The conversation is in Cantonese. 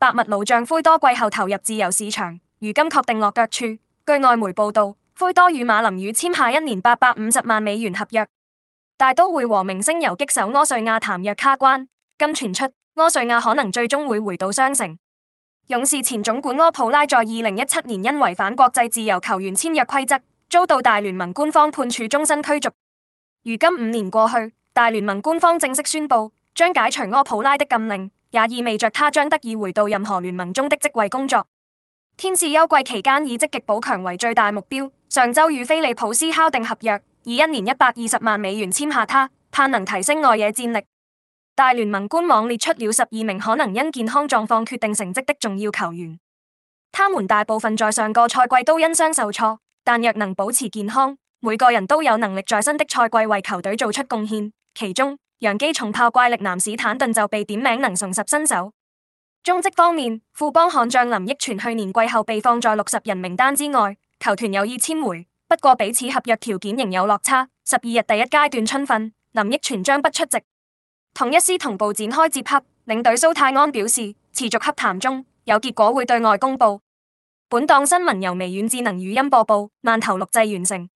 百密奴將灰多季後投入自由市場，如今確定落腳處。據外媒報道，灰多與馬林宇簽下一年八百五十萬美元合約。大都會和明星游擊手柯瑞亞談約卡關，今傳出柯瑞亞可能最終會回到雙城。勇士前總管柯普拉在二零一七年因違反國際自由球員簽約規則，遭到大聯盟官方判處終身驅逐。如今五年過去，大聯盟官方正式宣布將解除柯普拉的禁令。也意味着他將得以回到任何聯盟中的職位工作。天使休季期間以積極補強為最大目標，上周與菲利普斯敲定合約，以一年一百二十萬美元簽下他，盼能提升外野戰力。大聯盟官網列出了十二名可能因健康狀況決定成績的重要球員，他們大部分在上個賽季都因傷受挫，但若能保持健康，每個人都有能力在新的賽季為球隊做出貢獻。其中。洋基重炮怪力男史坦頓就被點名能重拾身手。中職方面，富邦悍將林益全去年季後被放在六十人名單之外，球團有意簽回，不過彼此合約條件仍有落差。十二日第一階段春訓，林益全將不出席。統一獅同步展開接洽，領隊蘇泰安表示持續洽談中，有結果會對外公布。本檔新聞由微軟智能語音播報，慢投錄製完成。